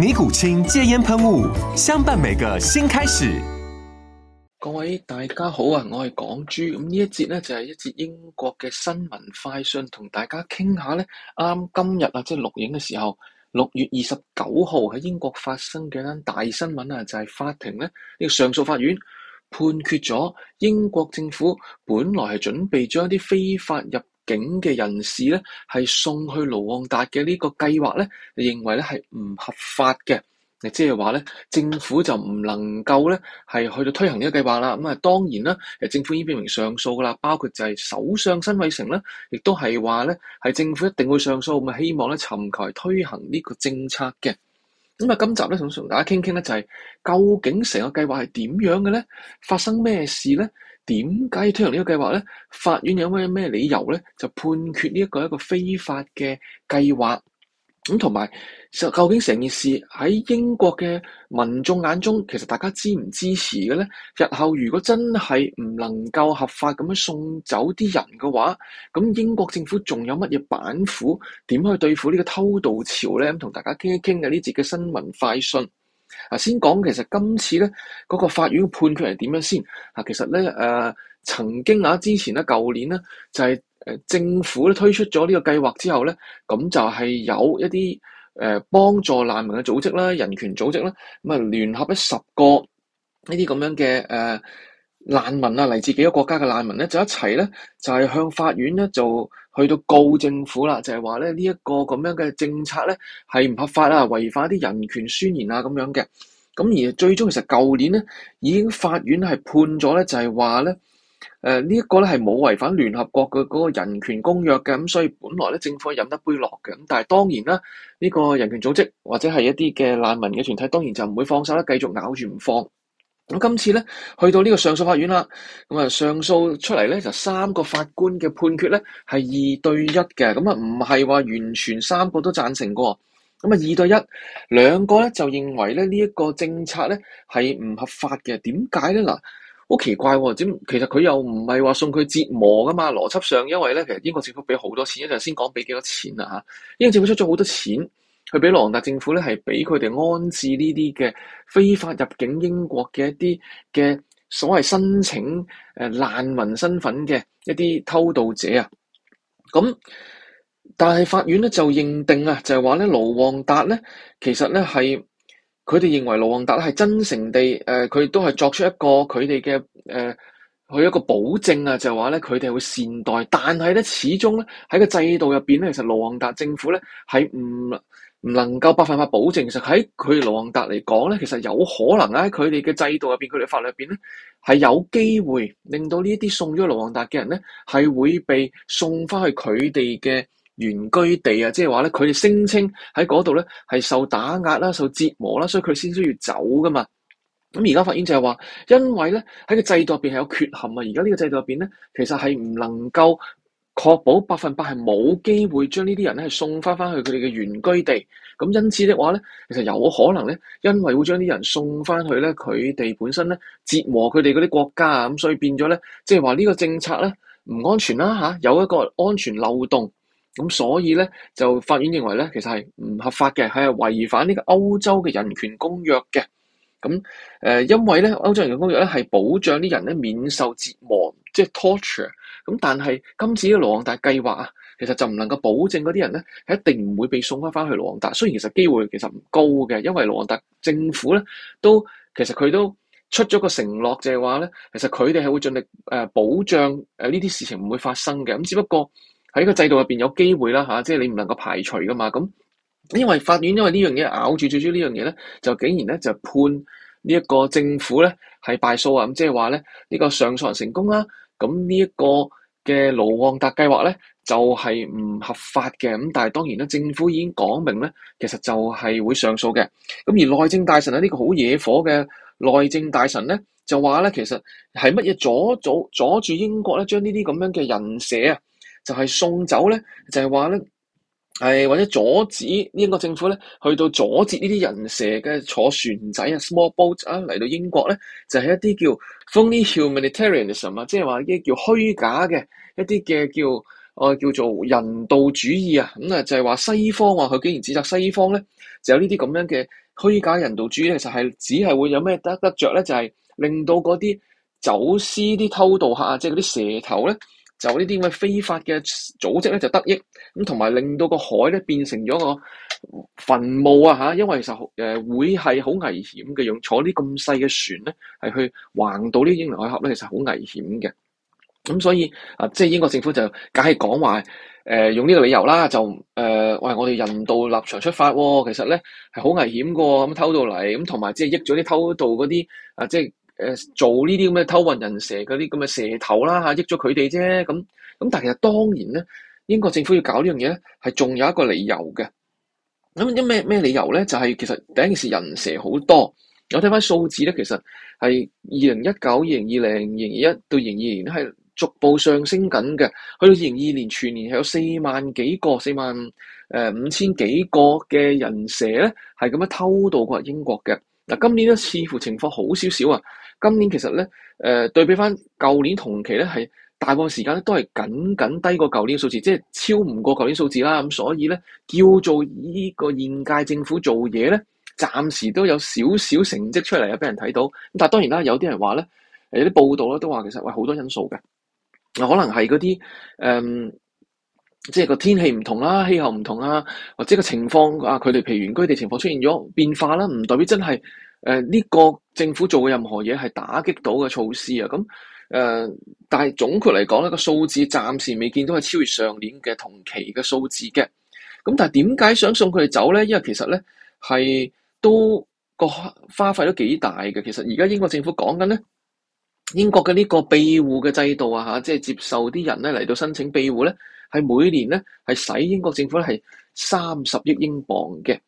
尼古清戒煙噴霧，相伴每個新開始。各位大家好啊，我係港珠，咁呢一節咧就係一節英國嘅新聞快訊，同大家傾下咧。啱今日啊，即係錄影嘅時候，六月二十九號喺英國發生嘅一單大新聞啊，就係法庭咧，呢個上訴法院判決咗英國政府本來係準備將一啲非法入警嘅人士咧，係送去盧旺達嘅呢個計劃咧，認為咧係唔合法嘅，即係話咧政府就唔能夠咧係去到推行呢個計劃啦。咁啊，當然啦，政府已經表明上訴噶啦，包括就係首相辛偉誠咧，亦都係話咧係政府一定會上訴，咁啊，希望咧尋求推行呢個政策嘅。咁啊，今集咧想同大家傾傾咧，就係究竟成個計劃係點樣嘅咧？發生咩事咧？點解要推行呢個計劃咧？法院有咩咩理由咧？就判決呢一個一個非法嘅計劃。咁同埋，究竟成件事喺英國嘅民眾眼中，其實大家支唔支持嘅咧？日後如果真係唔能夠合法咁樣送走啲人嘅話，咁英國政府仲有乜嘢板斧點去對付呢個偷渡潮咧？咁同大家傾一傾嘅呢節嘅新聞快訊。先講其實今次咧嗰個法院判決係點樣先？其實咧誒。呃曾經啊，之前咧，舊年咧，就係誒政府咧推出咗呢個計劃之後咧，咁就係有一啲誒幫助難民嘅組織啦、人權組織啦，咁啊聯合一十個呢啲咁樣嘅誒難民啊，嚟自幾個國家嘅難民咧，就一齊咧就係向法院咧就去到告政府啦，就係話咧呢一個咁樣嘅政策咧係唔合法啦，違反一啲人權宣言啊咁樣嘅。咁而最終其實舊年咧已經法院係判咗咧，就係話咧。誒、呃，呢、這、一個咧係冇違反聯合國嘅嗰個人權公約嘅，咁所以本來咧政府係飲得杯落嘅，咁但係當然啦，呢、這個人權組織或者係一啲嘅難民嘅團體，當然就唔會放手啦，繼續咬住唔放。咁今次咧去到呢個上訴法院啦，咁啊上訴出嚟咧就三個法官嘅判決咧係二對一嘅，咁啊唔係話完全三個都贊成過，咁啊二對一，兩個咧就認為咧呢一、這個政策咧係唔合法嘅，點解咧嗱？好奇怪喎！其實佢又唔係話送佢折磨噶嘛？邏輯上，因為咧，其實英國政府俾好多錢，一陣先講俾幾多錢啦、啊、英國政府出咗好多錢，佢俾盧旺達政府咧，係俾佢哋安置呢啲嘅非法入境英國嘅一啲嘅所謂申請誒難民身份嘅一啲偷渡者啊。咁，但係法院咧就認定啊，就係話咧，盧旺達咧其實咧係。佢哋認為盧旺達係真誠地，誒、呃，佢都係作出一個佢哋嘅，誒、呃，佢一個保證啊，就係話咧，佢哋會善待。但係咧，始終咧喺個制度入邊咧，其實盧旺達政府咧係唔唔能夠百分百保證。其實喺佢盧旺達嚟講咧，其實有可能喺佢哋嘅制度入邊，佢哋法律入邊咧係有機會令到這些呢一啲送咗盧旺達嘅人咧係會被送翻去佢哋嘅。原居地啊，即係話咧，佢哋聲稱喺嗰度咧係受打壓啦、受折磨啦，所以佢先需要走噶嘛。咁而家法院就係話，因為咧喺個制度入邊係有缺陷啊，而家呢個制度入邊咧，其實係唔能夠確保百分百係冇機會將呢啲人咧係送翻翻去佢哋嘅原居地。咁因此的話咧，其實有可能咧，因為會將啲人送翻去咧，佢哋本身咧折磨佢哋嗰啲國家啊，咁所以變咗咧，即係話呢個政策咧唔安全啦吓，有一個安全漏洞。咁所以咧，就法院認為咧，其實係唔合法嘅，係違反呢個歐洲嘅人權公約嘅。咁、呃、因為咧歐洲人權公約咧係保障啲人咧免受折磨，即係 torture。咁但係今次嘅盧旺達計劃啊，其實就唔能夠保證嗰啲人咧係一定唔會被送翻翻去盧旺達。雖然其實機會其實唔高嘅，因為盧旺達政府咧都其實佢都出咗個承諾，就係話咧，其實佢哋係會盡力保障呢啲事情唔會發生嘅。咁只不過，喺個制度入邊有機會啦嚇、啊，即係你唔能夠排除噶嘛。咁因為法院因為這件事這件事呢樣嘢咬住，最主要呢樣嘢咧就竟然咧就判呢一個政府咧係敗訴啊。咁即係話咧呢，這個上訴人成功啦。咁、啊這個、呢一個嘅盧旺達計劃咧就係、是、唔合法嘅。咁但係當然咧，政府已經講明咧，其實就係會上訴嘅。咁、啊、而內政大臣係呢、這個好惹火嘅內政大臣咧，就話咧其實係乜嘢阻阻阻住英國咧將呢啲咁樣嘅人蛇啊？就係、是、送走咧，就係話咧，係或者阻止英國政府咧，去到阻截呢啲人蛇嘅坐船仔啊，small boat 啊嚟到英國咧，就係、是、一啲叫 phony humanitarianism 啊，即係話一啲叫虛假嘅一啲嘅叫我叫做人道主義啊，咁、嗯、啊就係、是、話西方啊，佢竟然指責西方咧，就有呢啲咁樣嘅虛假人道主義，其實係只係會有咩得得着咧，就係、是、令到嗰啲走私啲偷渡客啊，即係嗰啲蛇頭咧。就呢啲咁嘅非法嘅組織咧，就得益咁，同埋令到個海咧變成咗個墳墓啊！因為其實會係好危險嘅，用坐啲咁細嘅船咧，係去橫渡呢英倫海峽咧，其實好危險嘅。咁所以啊，即係英國政府就梗係講話用呢個理由啦，就誒、呃、喂，我哋人道立場出發喎，其實咧係好危險嘅喎，咁偷渡嚟，咁同埋即係益咗啲偷渡嗰啲啊，即係。誒做呢啲咁嘅偷運人蛇嗰啲咁嘅蛇頭啦嚇，益咗佢哋啫咁。咁但係其實當然咧，英國政府要搞呢樣嘢咧，係仲有一個理由嘅。咁啲咩咩理由咧？就係、是、其實第一件事人蛇好多。我睇翻數字咧，其實係二零一九、二零二零、二一到二零二二年係逐步上升緊嘅。去到二零二二年全年係有四萬幾個、四萬五千幾個嘅人蛇咧，係咁樣偷渡過英國嘅。嗱，今年咧似乎情況好少少啊。今年其實咧，誒、呃、對比翻舊年同期咧，係大部分時間咧都係僅僅低過舊年數字，即係超唔過舊年數字啦。咁、嗯、所以咧，叫做呢個現屆政府做嘢咧，暫時都有少少成績出嚟啊，俾人睇到。但係當然啦，有啲人話咧，有啲報道咧都話其實喂好多因素嘅，可能係嗰啲誒，即係個天氣唔同啦，氣候唔同啦，或者個情況啊，佢哋譬如原居地情況出現咗變化啦，唔代表真係。誒，呢個政府做嘅任何嘢係打擊到嘅措施啊，咁誒，但係總括嚟講呢個數字暫時未見到係超越上年嘅同期嘅數字嘅，咁但係點解想送佢哋走咧？因為其實咧係都個花費都幾大嘅。其實而家英國政府講緊咧，英國嘅呢個庇護嘅制度啊吓，即係接受啲人咧嚟到申請庇護咧，係每年咧係使英國政府咧係三十億英鎊嘅。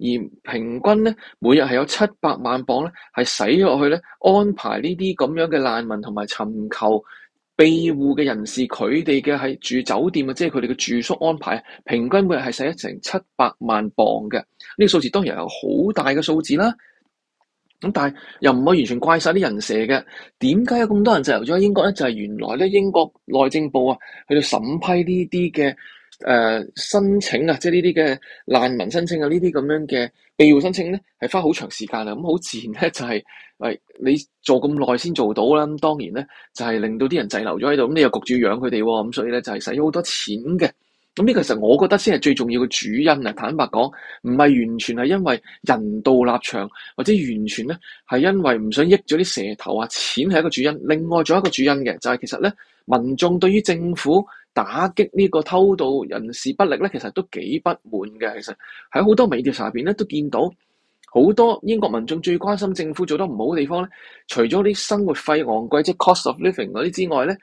而平均咧，每日係有七百萬磅咧，係使落去咧安排呢啲咁樣嘅難民同埋尋求庇護嘅人士，佢哋嘅係住酒店啊，即係佢哋嘅住宿安排啊，平均每日係使一成七百萬磅嘅。呢、這個數字當然有好大嘅數字啦，咁但係又唔可以完全怪晒啲人蛇嘅。點解有咁多人就留咗喺英國咧？就係、是、原來咧英國內政部啊，去到審批呢啲嘅。誒、呃、申請啊，即係呢啲嘅難民申請啊，呢啲咁樣嘅庇護申請咧，係花好長時間啦。咁、嗯、好自然咧，就係、是、喂、哎、你做咁耐先做到啦、嗯。當然咧，就係、是、令到啲人滯留咗喺度，咁、嗯、你又焗住養佢哋喎。咁、嗯、所以咧，就係使咗好多錢嘅。咁、嗯、呢、這個其實我覺得先係最重要嘅主因啊！坦白講，唔係完全係因為人道立場，或者完全咧係因為唔想益咗啲蛇頭啊。錢係一個主因，另外仲有一個主因嘅，就係、是、其實咧民眾對於政府。打擊呢個偷渡人士不力咧，其實都幾不滿嘅。其實喺好多媒體報道入邊咧，都見到好多英國民眾最關心政府做得唔好嘅地方咧，除咗啲生活費昂貴即係 cost of living 嗰啲之外咧，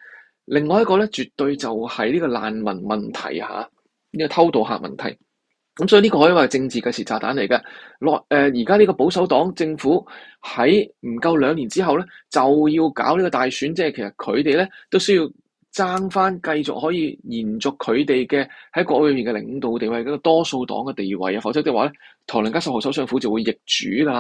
另外一個咧絕對就係呢個難民問題吓，呢、啊這個偷渡客問題。咁所以呢個可以話係政治嘅時炸彈嚟嘅。落誒，而家呢個保守黨政府喺唔夠兩年之後咧，就要搞呢個大選，即係其實佢哋咧都需要。爭翻繼續可以延續佢哋嘅喺國會入面嘅領導地位嗰個多數黨嘅地位啊，否則嘅話咧，唐寧街十號首相府就會易主噶。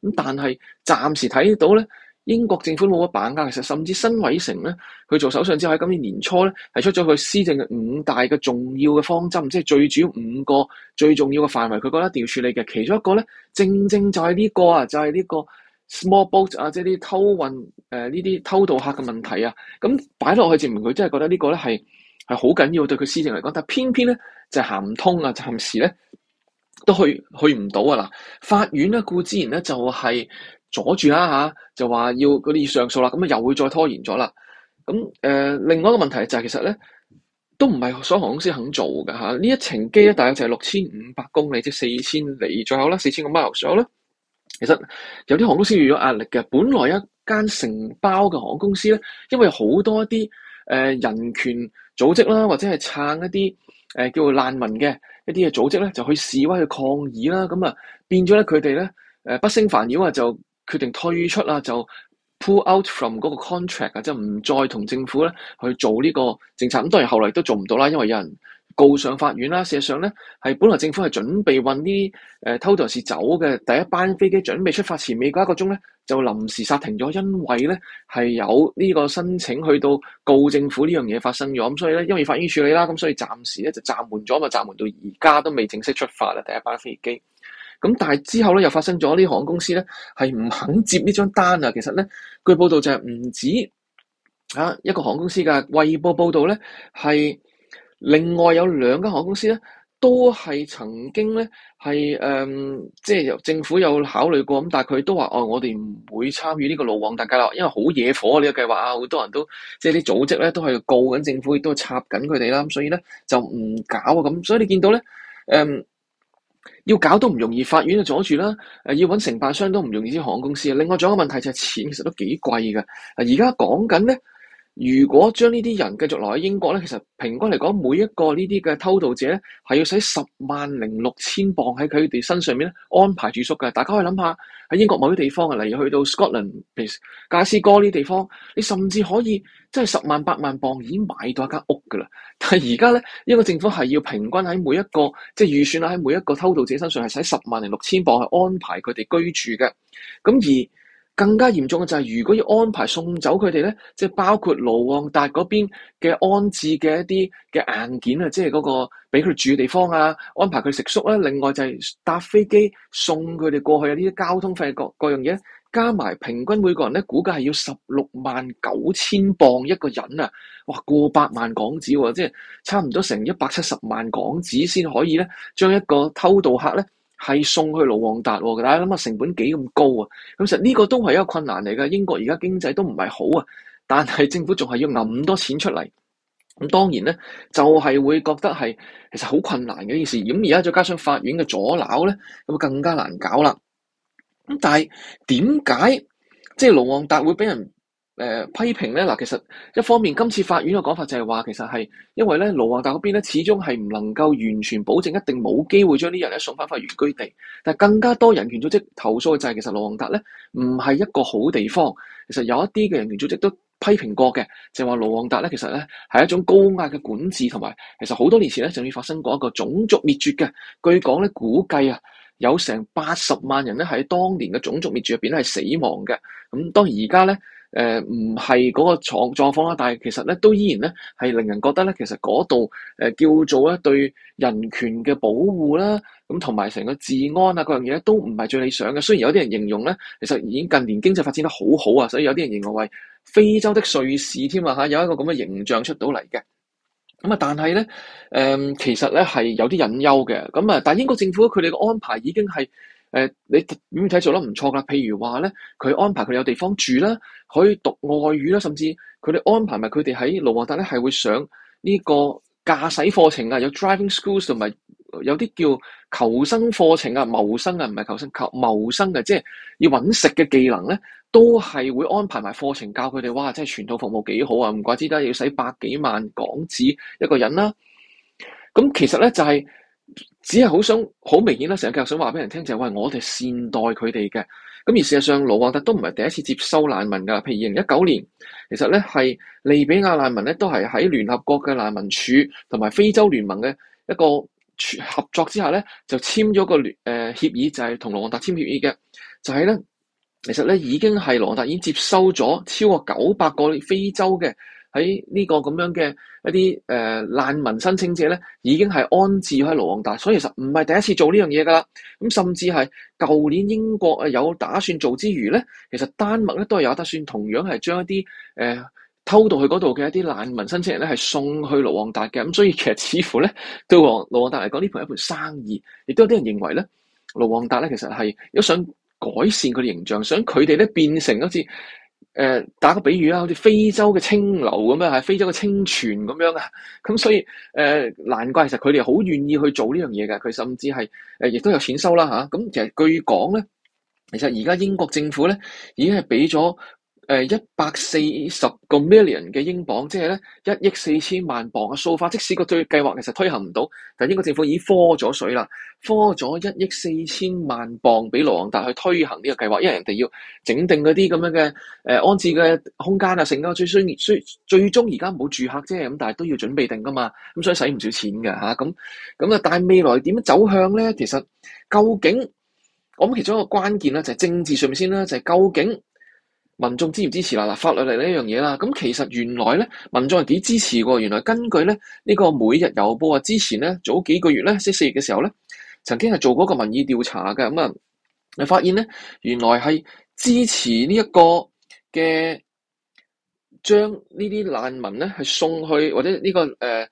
咁但係暫時睇到咧，英國政府冇乜板眼。其實甚至辛偉誠咧，佢做首相之後喺今年年初咧，係出咗佢施政嘅五大嘅重要嘅方針，即係最主要五個最重要嘅範圍，佢覺得一定要處理嘅。其中一個咧，正正就係呢個啊，就係呢個 Small boat 啊，即係啲偷運誒呢啲偷渡客嘅問題啊，咁擺落去證明佢真係覺得呢個咧係係好緊要對佢施政嚟講，但偏偏咧就係、行唔通啊，暫時咧都去去唔到啊！嗱，法院咧固之然咧就係阻住啦嚇，就話、是啊、要嗰啲上訴啦，咁啊又會再拖延咗啦。咁誒、呃、另外一個問題就係、是、其實咧都唔係所有航空公司肯做嘅嚇，呢、啊、一程機咧大約就係六千五百公里，即係四千里。最好啦四千個 mile，最好其實有啲航空公司遇咗壓力嘅，本來一間承包嘅航空公司咧，因為好多一啲誒、呃、人權組織啦，或者係撐一啲誒、呃、叫做難民嘅一啲嘅組織咧，就去示威去抗議啦，咁啊變咗咧佢哋咧誒不勝煩擾啊，就決定退出啦，就 pull out from 嗰個 contract 啊，即係唔再同政府咧去做呢個政策。咁當然後來亦都做唔到啦，因為有人。告上法院啦！事實上咧，係本來政府係準備運啲誒偷渡人士走嘅，第一班飛機準備出發前未夠一個鐘咧，就臨時剎停咗，因為咧係有呢個申請去到告政府呢樣嘢發生咗，咁所以咧，因為法院處理啦，咁所以暫時咧就暫緩咗，咪暫緩到而家都未正式出發啦，第一班飛機。咁但係之後咧又發生咗呢航空公司咧係唔肯接呢張單啊！其實咧據報道就係唔止嚇一個航空公司㗎，衛報報道咧係。是另外有兩間航空公司咧，都係曾經咧係誒，即係由政府有考慮過咁，但係佢都話：哦、哎，我哋唔會參與呢個盧旺達計劃，因為好惹火呢個計劃啊，好、這個、多人都即係啲組織咧都係告緊政府，亦都係插緊佢哋啦。咁所以咧就唔搞啊咁。所以你見到咧誒、呃，要搞都唔容易，法院就阻住啦。誒，要揾承辦商都唔容易啲航空公司。另外仲有一個問題就係錢，其實都幾貴㗎。啊，而家講緊咧。如果將呢啲人繼續留喺英國咧，其實平均嚟講，每一個呢啲嘅偷渡者係要使十萬零六千磅喺佢哋身上面咧，安排住宿嘅。大家可以諗下喺英國某啲地方啊，例如去到 Scotland、譬如加斯哥呢啲地方，你甚至可以即係十萬、八萬磅已經買到一間屋噶啦。但係而家咧，英國政府係要平均喺每一個，即係預算喺每一個偷渡者身上係使十萬零六千磅去安排佢哋居住嘅。咁而。更加嚴重嘅就係，如果要安排送走佢哋咧，即係包括盧旺達嗰邊嘅安置嘅一啲嘅硬件啊，即係嗰個俾佢住嘅地方啊，安排佢食宿啦。另外就係搭飛機送佢哋過去啊，呢啲交通費各各樣嘢，加埋平均每個人咧，估計係要十六萬九千鎊一個人啊，哇，過百萬港紙喎，即係差唔多成一百七十萬港紙先可以咧，將一個偷渡客咧，係送去盧旺達喎，大家諗下成本幾咁高啊！咁其實呢個都係一個困難嚟㗎。英國而家經濟都唔係好啊，但係政府仲係要咁多錢出嚟，咁當然咧就係、是、會覺得係其實好困難嘅一件事。咁而家再加上法院嘅阻攔咧，咁更加難搞啦。咁但係點解即係盧旺達會俾人？誒、呃，批評咧嗱，其實一方面今次法院嘅講法就係話，其實係因為咧盧旺達嗰邊咧始終係唔能夠完全保證一定冇機會將啲人咧送翻翻，原居地，但係更加多人權組織投訴嘅就係，其實盧旺達咧唔係一個好地方。其實有一啲嘅人權組織都批評過嘅，就係話盧旺達咧其實咧係一種高壓嘅管治，同埋其實好多年前咧就要發生過一個種族滅絕嘅。據講咧估計啊，有成八十萬人咧喺當年嘅種族滅絕入邊咧係死亡嘅。咁當然而家咧。誒唔係嗰個狀狀況啦，但係其實咧都依然咧係令人覺得咧，其實嗰度、呃、叫做咧對人權嘅保護啦，咁同埋成個治安啊嗰樣嘢咧都唔係最理想嘅。雖然有啲人形容咧，其實已經近年經濟發展得好好啊，所以有啲人形容為非洲的瑞士添啊，嚇有一個咁嘅形象出到嚟嘅。咁、嗯、啊，但係咧、呃、其實咧係有啲隱憂嘅。咁、嗯、啊，但係英國政府佢哋嘅安排已經係。誒、呃，你遠睇做得唔錯啦？譬如話咧，佢安排佢哋有地方住啦，可以讀外語啦，甚至佢哋安排埋佢哋喺盧旺達咧，係會上呢個駕駛課程啊，有 driving schools 同埋有啲叫求生課程啊，謀生啊，唔係求生，求謀生嘅，即係要揾食嘅技能咧，都係會安排埋課程教佢哋。哇！即係全套服務幾好啊，唔怪之得要使百幾萬港紙一個人啦。咁其實咧就係。只係好想好明顯啦、就是，成日其實想話俾人聽就係喂，我哋善待佢哋嘅。咁而事實上，盧旺達都唔係第一次接收難民噶。譬如二零一九年，其實咧係利比亞難民咧都係喺聯合國嘅難民署同埋非洲聯盟嘅一個合作之下咧，就簽咗個聯誒協議，就係同盧旺達簽協議嘅。就係、是、咧，其實咧已經係盧旺達已經接收咗超過九百個非洲嘅。喺呢個咁樣嘅一啲誒、呃、難民申請者咧，已經係安置喺盧旺達，所以其實唔係第一次做呢樣嘢噶啦。咁甚至係舊年英國啊有打算做之餘咧，其實丹麥咧都係有打算，同樣係將一啲誒、呃、偷渡去嗰度嘅一啲難民申請人咧，係送去盧旺達嘅。咁所以其實似乎咧對盧盧旺達嚟講，呢盤係一盤生意。亦都有啲人認為咧，盧旺達咧其實係有想改善佢形象，想佢哋咧變成好似。誒、呃，打個比喻啊，好似非洲嘅清流咁樣，係非洲嘅清泉咁樣啊，咁所以誒、呃，難怪其實佢哋好願意去做呢樣嘢㗎。佢甚至係誒，亦、呃、都有錢收啦吓。咁、啊嗯、其實據講咧，其實而家英國政府咧已經係俾咗。誒，一百四十個 million 嘅英鎊，即係咧一億四千萬鎊嘅數法。So far, 即使個最計劃其實推行唔到，但英國政府已經科咗水啦，科咗一億四千萬鎊俾盧旺達去推行呢個計劃，因為人哋要整定嗰啲咁樣嘅誒安置嘅空間啊，成個最需需最終而家冇住客啫，咁但係都要準備定噶嘛，咁所以使唔少錢噶吓，咁咁啊，但係未來點樣走向咧？其實究竟我諗其中一個關鍵咧，就係政治上面先啦，就係、是、究竟。民眾支唔支持啦？嗱，法律嚟呢一樣嘢啦。咁其實原來咧，民眾係幾支持喎。原來根據咧、這、呢個每日郵報啊，之前咧早幾個月咧，即四月嘅時候咧，曾經係做過個民意調查嘅。咁啊，你發現咧原來係支持呢一個嘅將呢啲難民咧係送去或者呢、這個誒。呃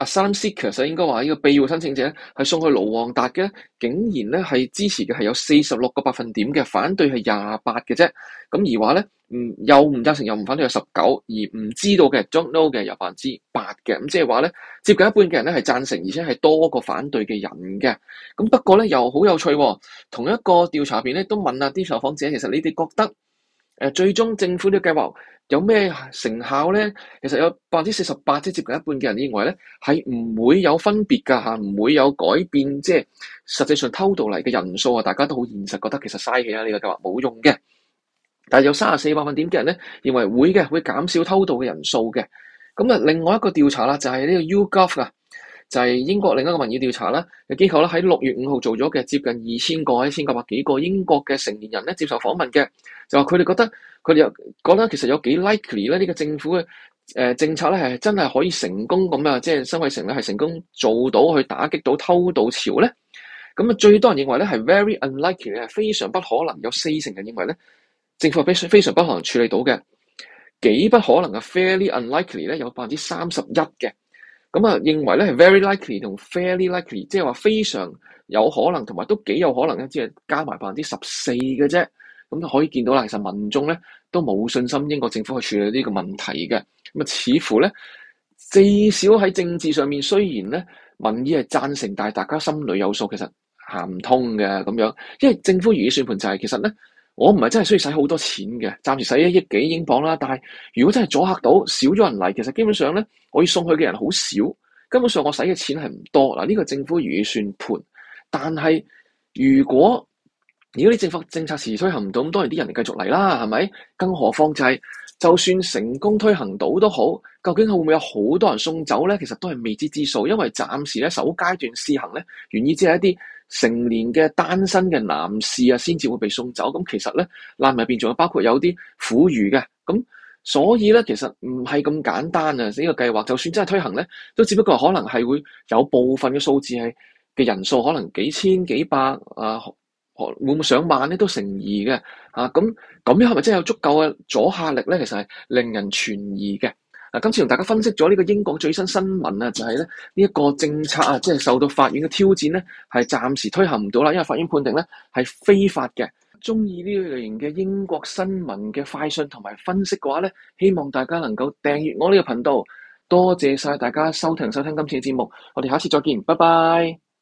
阿三 e 其實應該話呢個庇護申請者係送去盧旺達嘅，竟然咧係支持嘅，係有四十六個百分點嘅，反對係廿八嘅啫。咁而話咧，唔又唔贊成又唔反對係十九，19，而唔知道嘅 don't know 嘅又百分之八嘅。咁即係話咧，接近一半嘅人咧係贊成，而且係多過反對嘅人嘅。咁不過咧又好有趣，哦，同一個調查片咧都問啊啲受訪者，其實你哋覺得？誒最終政府呢個計劃有咩成效咧？其實有百分之四十八，即接近一半嘅人認為咧係唔會有分別㗎嚇，唔會有改變，即係實際上偷渡嚟嘅人數啊，大家都好現實覺得其實嘥氣啊。呢個計劃冇用嘅。但係有三十四百分點嘅人咧認為會嘅，會減少偷渡嘅人數嘅。咁啊，另外一個調查啦就係呢個 YouGov 噶。就係、是、英國另一個民意調查啦，有機構咧喺六月五號做咗嘅，接近二千個一千九百幾個英國嘅成年人咧接受訪問嘅，就話佢哋覺得佢哋覺得其實有幾 likely 咧呢個政府嘅、呃、政策咧係真係可以成功咁啊！即係辛偉誠咧係成功做到去打擊到偷渡潮咧，咁啊最多人認為咧係 very unlikely 係非常不可能，有四成人認為咧政府非常非常不可能處理到嘅，幾不可能嘅 fairly unlikely 咧有百分之三十一嘅。咁啊，認為咧係 very likely 同 fairly likely，即係話非常有可能，同埋都幾有可能咧，即係加埋百分之十四嘅啫。咁就可以見到啦，其實民眾咧都冇信心英國政府去處理呢個問題嘅。咁啊，似乎咧至少喺政治上面，雖然咧民意係贊成，但係大家心裏有數，其實行唔通嘅咁樣。因為政府如意算盤就係其實咧。我唔係真係需要使好多錢嘅，暫時使一億幾英鎊啦。但係如果真係阻吓到，少咗人嚟，其實基本上咧，可以送去嘅人好少，根本上我使嘅錢係唔多嗱。呢、這個政府如意算盤，但係如果如果啲政府政策遲遲推行唔到，咁當然啲人繼續嚟啦，係咪？更何況就係、是、就算成功推行到都好，究竟會唔會有好多人送走咧？其實都係未知之數，因為暫時咧首階段試行咧，原意只係一啲。成年嘅單身嘅男士啊，先至會被送走。咁其實咧，難民入邊仲有包括有啲婦孺嘅。咁所以咧，其實唔係咁簡單啊！呢、這個計劃就算真係推行咧，都只不過可能係會有部分嘅數字係嘅人數，可能幾千幾百啊，會唔會上萬咧都成疑嘅。啊，咁咁樣係咪真係有足夠嘅阻嚇力咧？其實係令人存疑嘅。嗱，今次同大家分析咗呢個英國最新新聞啊，就係咧呢一個政策啊，即係受到法院嘅挑戰咧，係暫時推行唔到啦，因為法院判定咧係非法嘅。鍾意呢類型嘅英國新聞嘅快訊同埋分析嘅話咧，希望大家能夠訂閱我呢個頻道。多謝晒大家收聽收聽今次嘅節目，我哋下次再見，拜拜。